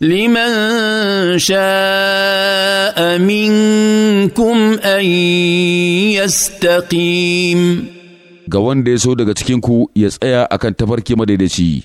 لمن شاء منكم أن يستقيم ga wanda ya so daga cikinku ya tsaya akan tafarki madaidaici